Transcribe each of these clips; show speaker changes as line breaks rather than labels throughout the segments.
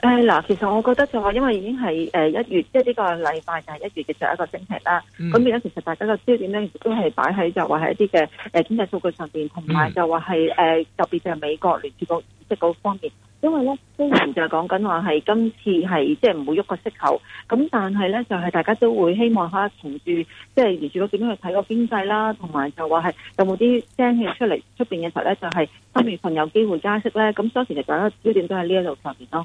嗱，其實我覺得就話，因為已經係誒一月，即係呢個禮拜就係一月嘅最後一個星期啦。咁而家其實大家個焦點咧，都係擺喺就話喺一啲嘅誒經濟數據上邊，同埋就話係誒特別就係美國聯儲局息局方面。因為咧雖然就講緊話係今次係即係唔會喐個息口。咁但係咧就係、是、大家都會希望下同住即係聯儲局點樣去睇個經濟啦，同埋就話係有冇啲聲氣出嚟出邊嘅時候咧，就係、是、三月份有機會加息咧。咁所以其實大家焦點都喺呢一度上邊咯。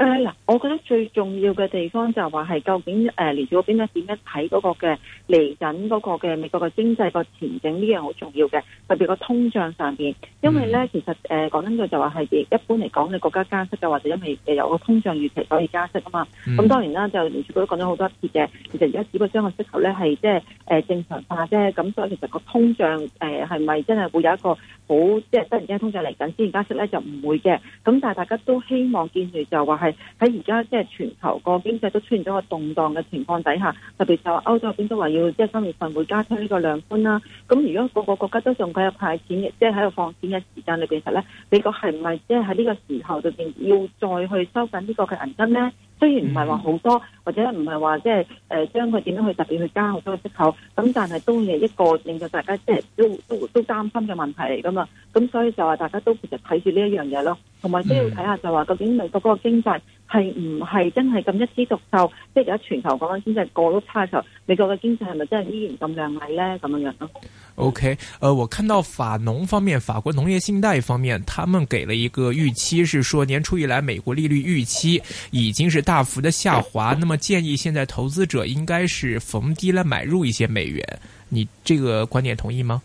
嗱，我覺得最重要嘅地方就係話係究竟誒、呃、聯儲嗰邊咧點樣睇嗰個嘅嚟緊嗰個嘅美國嘅經濟個、嗯、前景呢樣好重要嘅，特別個通脹上邊，因為咧其實誒講真句就話係一般嚟講你國家加息嘅或者因為誒有個通脹預期所以加息啊嘛，咁、嗯嗯、當然啦就聯儲嗰都講咗好多次嘅，其實而家只不過將個息口咧係即係誒正常化啫，咁所以其實個通脹誒係咪真係會有一個好即係突然間通脹嚟緊先加息咧就唔會嘅，咁但係大家都希望見住就話係。喺而家即係全球個經濟都出現咗個動盪嘅情況底下，特別就歐洲嗰邊都話要即係三月份會加推呢個量寬啦。咁如果個個國家都仲喺度派錢嘅，即係喺度放錢嘅時間裏邊，其實咧，美國係唔係即係喺呢個時候就變要再去收緊這個呢個嘅銀根咧？雖然唔係話好多，或者唔係話即係誒將佢點樣去特別去加好多嘅息口，咁但係都係一個令到大家即係都都都擔心嘅問題嚟㗎嘛。咁、嗯嗯、所以就話大家都其實睇住呢一樣嘢咯，同埋都要睇下就話究竟美國嗰個經濟係唔係真係咁一枝獨秀，即係而家全球講緊經濟過咗差頭，美國嘅經濟係咪真係依然咁亮麗咧？咁樣樣
咯。O、okay, K，呃，我看到法農方面，法國農業信貸方面，他們給了一個預期，是說年初以來美國利率預期已經是大幅的下滑，嗯、那麼建議現在投資者應該是逢低來買入一些美元。你這個觀點同意嗎？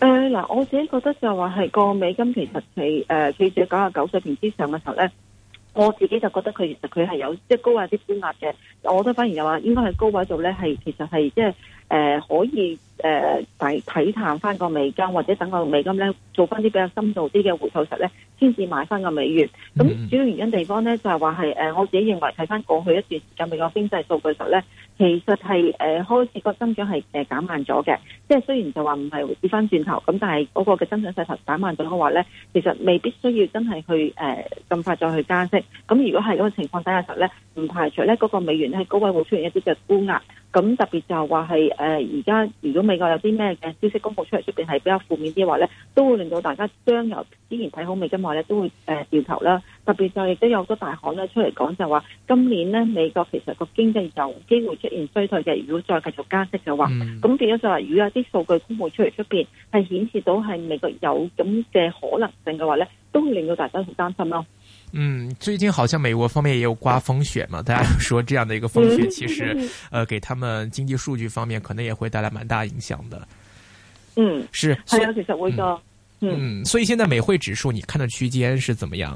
誒，嗱，我自己覺得就話係個美金其實其誒，記者九啊九水平之上嘅時候咧，我自己就覺得佢其實佢係有即係高位啲沽壓嘅，我覺得反而又話應該係高位度咧，係其實係即係。誒、呃，可以誒，第、呃、睇探翻個美金，或者等個美金咧做翻啲比較深度啲嘅回吐實咧，先至買翻個美元。咁主要原因地方咧就係話係誒，我自己認為睇翻過去一段時間美國經濟數據實咧，其實係誒、呃、開始增、呃、個增長係誒減慢咗嘅。即係雖然就話唔係回轉翻轉頭，咁但係嗰個嘅增長勢頭減慢咗嘅話咧，其實未必需要真係去誒咁、呃、快再去加息。咁如果係嗰個情況底下實咧，唔排除咧嗰、嗰個美元喺高位會出現一啲嘅沽壓。咁特別就係話係誒而家如果美國有啲咩嘅消息公佈出嚟，出面係比較負面啲嘅話咧，都會令到大家將由之前睇好美金話咧都會誒掉頭啦。特別就亦都有好多大行咧出嚟講就話，今年咧美國其實個經濟有機會出現衰退嘅。如果再繼續加息嘅話，咁變咗就係如果啲數據公佈出嚟出面係顯示到係美國有咁嘅可能性嘅話咧，都會令到大家好擔
心囉。嗯，最近好像美國方面也有刮風雪嘛，大家說這樣的一個風雪，其實， 呃，給他們經濟數據方面可能也會帶來蠻大影響的。嗯，是，係啊、嗯，其
實會多、
嗯。嗯，所以現在美匯指數，你看到區間是怎麼樣？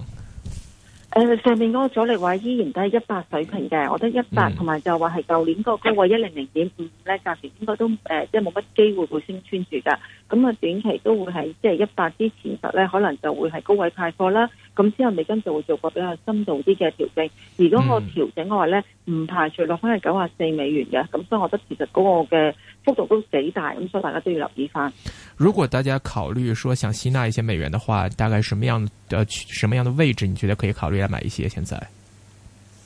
誒、呃，上面嗰個阻力位依然都係一百水平嘅，我覺得一百、嗯，同埋就話係舊年嗰個高位一零零點五呢，暫時應該都誒、呃，即係冇乜機會會升穿住噶。咁啊，短期都會喺即係一百之前實呢，可能就會係高位派貨啦。咁之後美金就會做個比較深度啲嘅調整，而嗰個調整嘅話咧，唔、嗯、排除落翻係九十四美元嘅，咁所以我覺得其實嗰個嘅幅度都幾大，咁所以大家都要留意翻。
如果大家考慮說想吸納一些美元嘅話，大概什麼樣，嘅什麼樣的位置，你覺得可以考慮下買一些？現在，
誒、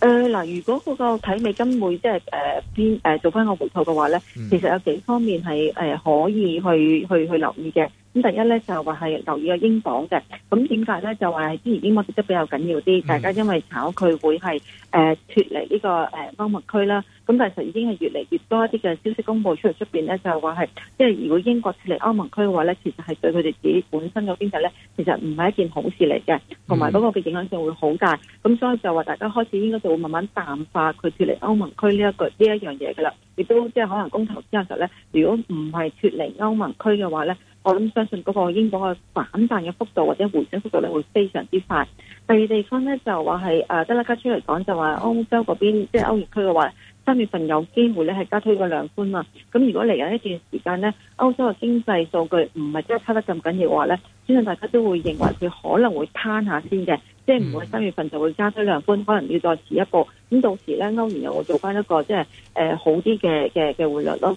呃、嗱，如果嗰個睇美金會即係誒邊誒做翻個回吐嘅話咧、嗯，其實有幾方面係誒、呃、可以去去去留意嘅。咁第一咧就話係留意個英鎊嘅咁點解咧就話係之前英鎊跌得比較緊要啲、嗯，大家因為炒佢會係誒脫離呢個誒歐、呃、盟區啦。咁但係實已經係越嚟越多一啲嘅消息公布出嚟出邊咧，就係話係，即、就、係、是、如果英國脫離歐盟區嘅話咧，其實係對佢哋自己本身嘅經濟咧，其實唔係一件好事嚟嘅，同埋嗰個嘅影響性會好大。咁、嗯、所以就話大家開始應該就會慢慢淡化佢脫離歐盟區呢一個呢一樣嘢噶啦，亦都即係可能公投之後就咧，如果唔係脫離歐盟區嘅話咧。我諗相信嗰個英國嘅反彈嘅幅度或者回升幅度咧會非常之快。第二地方咧就話係誒德拉吉出嚟講，就話歐洲嗰邊即係歐元區嘅話，三月份有機會咧係加推個量寬嘛。咁如果嚟緊一段時間咧，歐洲嘅經濟數據唔係真係差得咁緊要嘅話咧，相信大家都會認為佢可能會攤下先嘅，即係唔會三月份就會加推量寬，可能要再遲一步。咁到時咧歐元又會做翻一個即係誒好啲嘅嘅嘅匯率咯。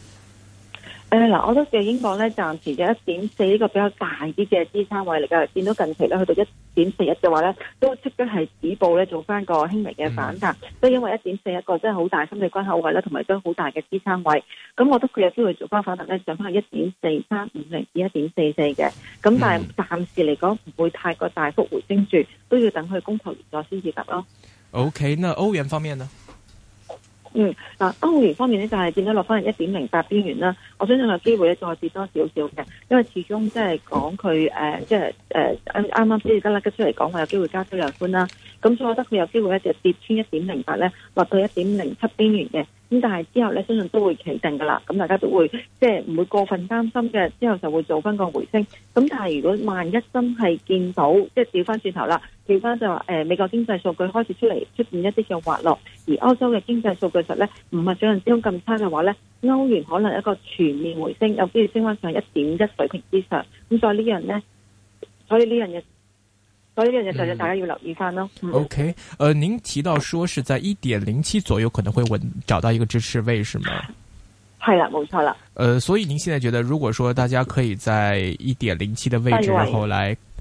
誒，嗱， 我都叫英鎊咧，暫時嘅一點四呢個比較大啲嘅支撐位嚟㗎，見到近期咧去到一點四一嘅話咧，都即刻係止步咧，做翻個輕微嘅反彈。都、嗯、因為一點四一個真係好大心理關口位啦，同埋都好大嘅支撐位。咁，我覺得佢有機會做翻反彈咧，上翻去一點四三五零至一點四四嘅。咁，但係暫時嚟講唔會太過大幅回升住，都要等佢供求完咗先至得咯。
O、okay, K，那歐元方面呢？
嗯，嗱，歐元方面咧就係見咗落翻一點零八邊緣啦，我相信有機會咧再跌多少少嘅，因為始終即係講佢即係誒啱啱先至得啦，跟、呃呃、出嚟講，話有機會加多兩分啦，咁所以我覺得佢有機會一直跌穿一點零八咧，落到一點零七邊緣嘅，咁但係之後咧相信都會企定噶啦，咁大家都會即係唔會過分擔心嘅，之後就會做翻個回升，咁但係如果萬一真係見到，即係調翻轉頭啦。而家就誒、呃，美國經濟數據開始出嚟出現一啲嘅滑落，而歐洲嘅經濟數據實咧唔係想像中咁差嘅話咧，歐元可能一個全面回升，有機會升翻上一點一水平之上。咁所以樣呢樣咧，所以呢樣嘢，所以呢樣嘢就係大家要留意翻咯。O K，
誒，您提到說是在一點零七左右可能會穩找，找到一個支持位，是嗎？
係啦，冇錯啦。
誒、呃，所以您現在覺得，如果說大家可以在一點零七嘅位置然後來。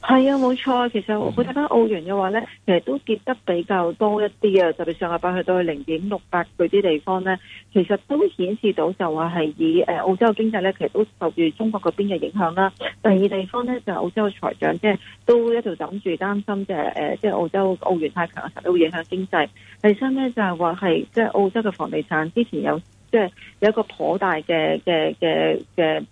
係啊，冇錯。其實我睇翻澳元嘅話咧，其實都跌得比較多一啲啊。特別上個禮拜去到零點六八嗰啲地方咧，其實都顯示到就話係以誒澳洲嘅經濟咧，其實都受住中國嗰邊嘅影響啦。第二地方咧就係澳洲財長，即係都一度等住擔心嘅誒，即係澳洲澳元太強啊，會影響經濟。第三咧就係話係即係澳洲嘅房地產之前有即係有一個頗大嘅嘅嘅嘅。的的的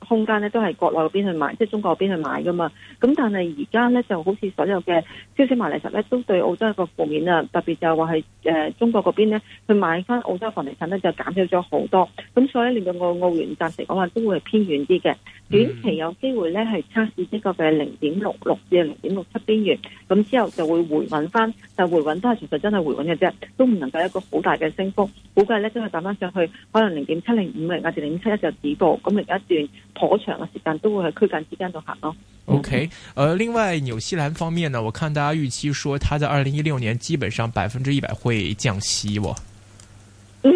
空間咧都係國內嗰邊去買，即係中國嗰邊去買噶嘛。咁但係而家咧就好似所有嘅消息賣嚟實咧，都對澳洲一個負面啊。特別就係話係、呃、中國嗰邊咧去買翻澳洲房地產咧，就減少咗好多。咁所以令到澳澳元暫時講話都會係偏軟啲嘅。嗯、短期有機會咧，係測試呢個嘅零點六六至零點六七邊緣，咁之後就會回穩翻，但回穩都係其實真係回穩嘅啫，都唔能夠一個好大嘅升幅。估計咧都係彈翻上去，可能零點七零五零或者零點七一就止步。咁另一段頗長嘅時間都會係區間之間度行咯。
OK，呃，另外紐西蘭方面呢，我看大家預期說，它在二零一六年基本上百分之一百會降息喎。
嗯，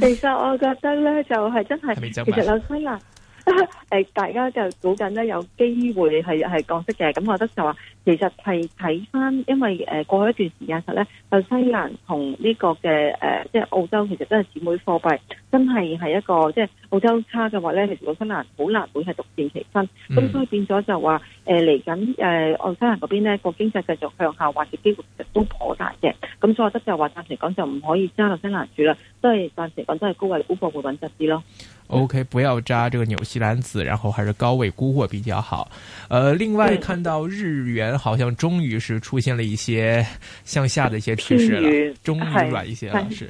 其實我覺得咧，就係、是、真係，其實紐西蘭。誒、 呃，大家就估緊咧，有機會係係降息嘅。咁我覺得就話，其實係睇返，因為誒、呃、過去一段時間實咧，就新西蘭同呢個嘅誒、呃，即係澳洲，其實都係姊妹貨幣，真係係一個即係澳洲差嘅話咧，其實新西蘭好難會係獨善其身。咁、嗯、所以變咗就話，誒嚟緊誒，澳新西蘭嗰邊咧個經濟繼續向下滑嘅機會其實都頗大嘅。咁所以我覺得就話暫時嚟講就唔可以揸新西蘭住啦，都係暫時嚟講都係高位沽貨會穩陣啲咯。
OK，不要揸這個紐西蘭子，然後還是高位沽貨比較好。呃，另外看到日元好像終於是出現了一些向下的一些趨勢了，終於軟一些了，是。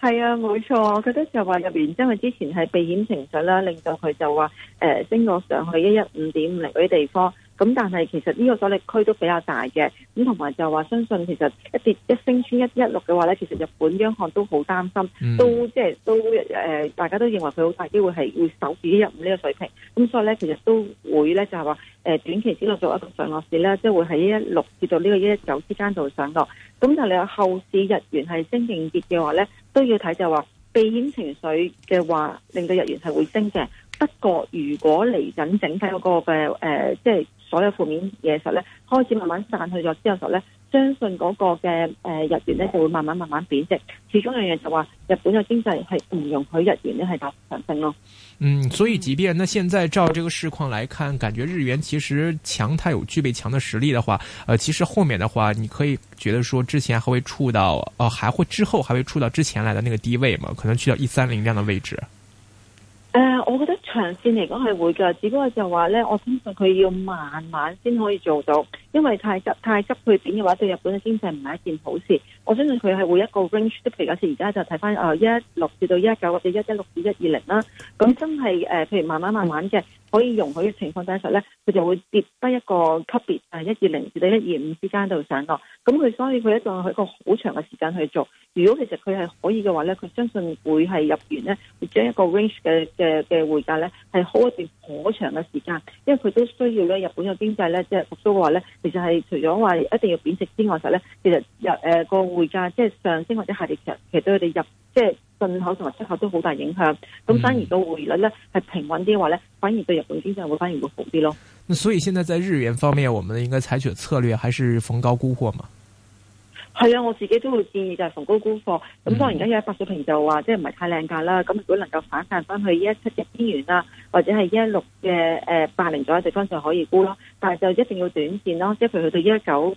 係 啊，冇錯，我覺得就話入邊，因為之前係避險情緒啦，令到佢就話誒升過上去一一五點五零嗰啲地方。咁但係其實呢個阻力區都比較大嘅，咁同埋就話相信其實一跌一升穿一一六嘅話咧，其實日本央行都好擔心，嗯、都即、就、係、是、都誒、呃，大家都認為佢好大機會係會守住一一五呢個水平。咁所以咧，其實都會咧就係話誒短期之內做一個上落市啦，即、就、係、是、會喺一一六至到呢個一一九之間度上落。咁但你話後市日元係升勁跌嘅話咧，都要睇就係話避險情緒嘅話令到日元係會升嘅。不過如果嚟緊整體嗰個嘅誒即係。所有負面嘢實咧開始慢慢散去咗之後，實咧相信嗰個嘅誒日元咧就會慢慢慢慢貶值。始終有樣嘢就話日本嘅經濟係唔容許日元咧係大幅上
升咯。嗯，所以即便呢，現在照這個市況來看，感覺日元其實強，它有具備強的實力的話，呃，其實後面的話，你可以覺得說之前還會觸到，哦、呃，還會之後還會觸到之前來的那個低位嘛，可能去到一三零這樣的位置。
誒、呃，我覺得長線嚟講係會㗎，只不過就話呢，我相信佢要慢慢先可以做到。因為太急太急去跌嘅話，對日本嘅經濟唔係一件好事。我相信佢係會一個 range，即譬如好似而家就睇翻誒一一六至到一一九或者一一六至一二零啦。咁真係誒，譬如慢慢慢慢嘅可以容許嘅情況底下咧，佢就會跌低一個級別，誒一二零至到一二五之間度上落。咁佢所以佢一定係一個好長嘅時間去做。如果其實佢係可以嘅話咧，佢相信會係入完咧，會將一個 range 嘅嘅嘅匯價咧係開一段好長嘅時間，因為佢都需要咧日本嘅經濟咧即係復甦嘅話咧。其實係除咗話一定要貶值之外，實咧其實入誒個匯價，即係上升或者下跌，其實其實對佢哋入即係進口同埋出口都好大影響。咁反而個匯率咧係平穩啲嘅話咧，反而對日本經濟會反而會好啲咯。
所以現在在日元方面，我們應該採取策略還是逢高沽貨嘛。
係啊，我自己都會建議就係逢高沽貨。咁當然而家有一百水平就話，即係唔係太靚價啦。咁如果能夠反彈翻去一七嘅邊緣啦，或者係一六嘅、誒、呃、八零左右地方就可以沽咯。但係就一定要短綫咯，即係譬如去到一九。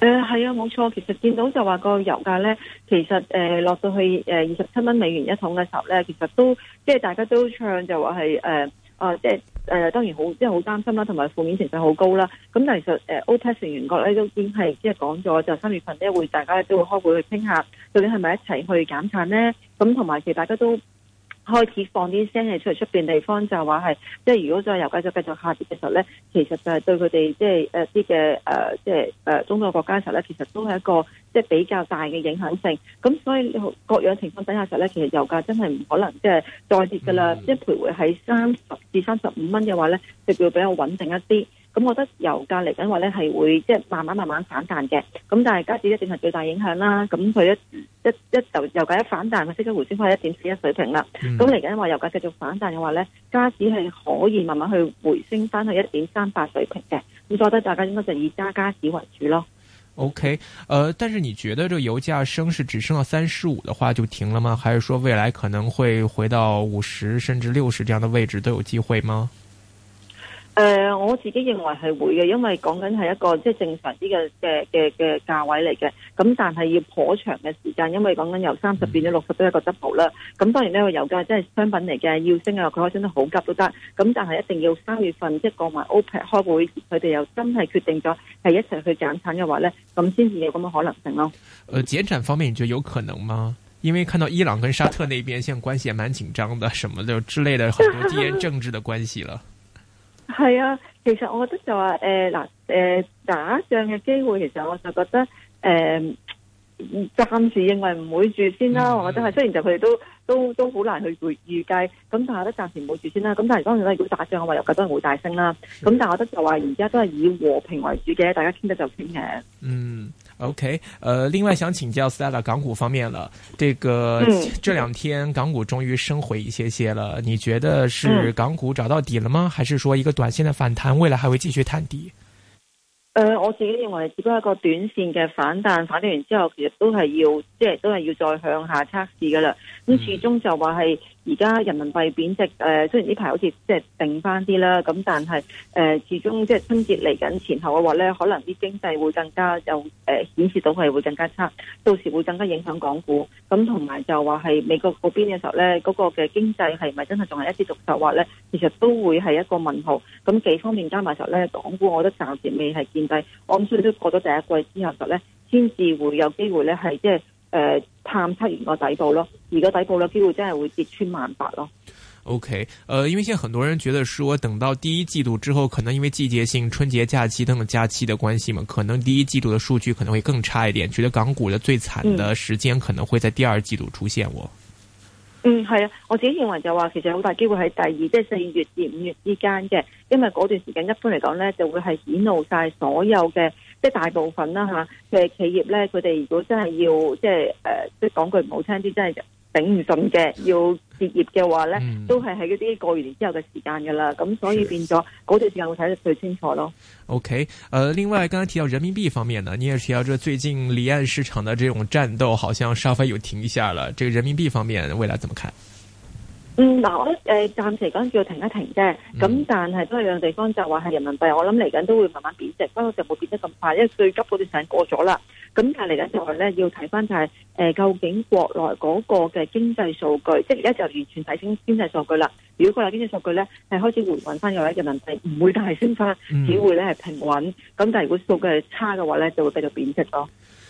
誒、呃、係啊，冇錯，其實見到就話個油價咧，其實誒、呃、落到去誒二十七蚊美元一桶嘅時候咧，其實都即係大家都唱就話係誒啊即係誒當然好即係好擔心啦，同埋負面情緒好高啦。咁但其實誒、呃、OPEC 成員國咧都已經係即係講咗，就三月份咧會大家都會開會去傾下，究竟係咪一齊去減產咧？咁同埋其實大家都。開始放啲聲氣出嚟，出邊地方就話係，即係如果再油價再繼續下跌嘅時候咧，其實就係對佢哋即係啲嘅即係誒中東國家嘅時候咧，其實都係一個即係比較大嘅影響性。咁所以各樣情況底下時候咧，其實油價真係唔可能即係再跌㗎喇。即、嗯、係、就係、徘徊喺三十至三十五蚊嘅話咧，就會比較穩定一啲。咁我覺得油價嚟緊話咧係會即係慢慢慢慢反彈嘅，咁但係加指一定係最大影響啦。咁佢一一一就油價一反彈，佢即係回升翻一點四一水平啦。咁嚟緊話油價繼續反彈嘅話咧，加指係可以慢慢去回升翻去一點三八水平嘅。咁所以我覺得大家應該就以加加指為主咯。
OK，呃，但是你覺得這個油價升是只升到三十五的話就停了嗎？還是說未來可能會回到五十甚至六十這樣的位置都有機會嗎？
誒、呃，我自己認為係會嘅，因為講緊係一個即係正常啲嘅嘅嘅嘅價位嚟嘅。咁但係要頗長嘅時間，因為講緊由三十變咗六十都係一個 double 啦。咁、嗯、當然呢個油價即係商品嚟嘅，要升啊，佢可以升得好急都得。咁但係一定要三月份即係過埋 OPEC 開會，佢哋又真係決定咗係一齊去減產嘅話咧，咁先至有咁嘅可能性咯。
誒、呃，減產方面，你覺得有可能嗎？因為看到伊朗跟沙特那邊現在關係蠻緊張的，什麼的之類的，好多地緣政治的關係啦。
係啊，其實我覺得就話誒，嗱、呃，誒、呃，打仗嘅機會，其實我就覺得誒、呃，暫時認為唔會住先啦。嗯、我覺得係雖然就佢哋都都都好難去預預計，咁但係我覺得暫時唔會住先啦。咁但係當然咧，如果打仗嘅話，又更多人會大升啦。咁、嗯、但係我覺得就話而家都係以和平為主嘅，大家傾得就傾嘅。嗯。
OK，呃，另外想請教 Stella 港股方面了，這個、嗯、這兩天港股終於升回一些些了，你覺得是港股找到底了嗎？嗯、還是說一個短線的反彈，未來還會繼續探底？
誒、呃，我自己認為只不過一個短線嘅反彈，反彈完之後其實都係要，即係都係要再向下測試噶啦，咁始終就話係。而家人民幣貶值，誒雖然呢排好似即係定返啲啦，咁但係誒、呃、始終即係春節嚟緊前後嘅話咧，可能啲經濟會更加有誒、呃、顯示到係會更加差，到時會更加影響港股。咁同埋就話係美國嗰邊嘅時候咧，嗰、嗰個嘅經濟係咪真係仲係一枝獨秀話咧？其實都會係一個問號。咁、嗯、幾方面加埋實咧，港股我覺得暫時未係見底。我諗所以都過咗第一季之後實咧，先至會有機會咧係即係。是就是呃、探測完個底部咯，而個底部呢，機會真係會跌穿萬八咯。
OK，呃，因為現在很多人覺得說，是我等到第一季度之後，可能因為季節性春節假期等等假期的關係嘛，可能第一季度的數據可能會更差一點。覺得港股的最慘的時間可能會在第二季度出現。嗯我
嗯係啊，我自己認為就話，其實好大機會喺第二，即係四月至五月之間嘅，因為嗰段時間一般嚟講呢，就會係顯露晒所有嘅。即係大部分啦吓嘅企業咧，佢哋如果真係要即係誒，即係講句唔好聽啲，真係頂唔順嘅，要結業嘅話咧，都係喺嗰啲過完年之後嘅時間噶啦。咁所以變咗嗰段時間會睇得最清楚咯。
OK，呃，另外剛才提到人民幣方面啊，你也提到，這最近離岸市場的這種戰鬥，好像稍微有停一下啦，這個人民幣方面未來怎麼看？
嗯，嗱，我誒暫時講叫停一停啫，咁但係都係有兩個地方就話、是、係人民幣，我諗嚟緊都會慢慢貶值，不過就冇貶得咁快，因為最急嗰段時間過咗啦。咁但係嚟緊就話咧、就是，要睇翻就係誒究竟國內嗰個嘅經濟數據，即係而家就完全睇清經濟數據啦。如果佢有經濟數據咧係開始回穩翻嘅話，人民幣唔會大升翻，只會咧係平穩。咁但係如果數據係差嘅話咧，就會繼續貶值咯。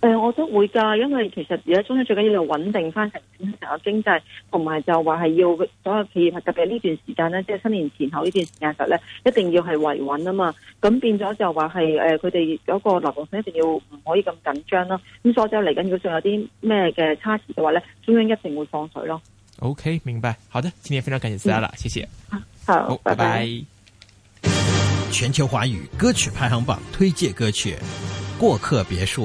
誒、呃，我都會噶，因為其實而家中央最緊要穩定翻成成個經濟，同埋就話係要所有企業，特別呢段時間咧，即係新年前後呢段時間時候咧，一定要係維穩啊嘛。咁變咗就話係誒，佢哋嗰個流動性一定要唔可以咁緊張咯。咁所以就嚟緊如果仲有啲咩嘅差池嘅話咧，中央一定會放水咯。
OK，明白，好的，今天非常感謝 Sarah，謝謝。好，好 bye bye，拜
拜。全球華語歌曲排行榜推介歌曲《過客別墅》。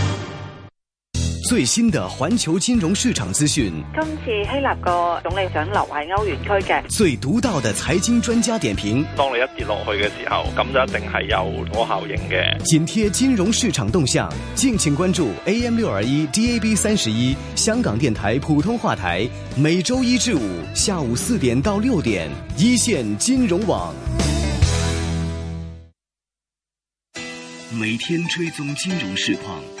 最新的環球金融市場資訊。今
次希臘個總理想留喺歐元區嘅。
最獨到的財經專家點評。
當你一跌落去嘅時候，咁就一定係有多效應嘅。
緊貼金融市場動向，敬請關注 AM 六二一 DAB 三十一，香港電台普通話台，每周一至五下午四點到六點一線金融網，每天追蹤金融市況。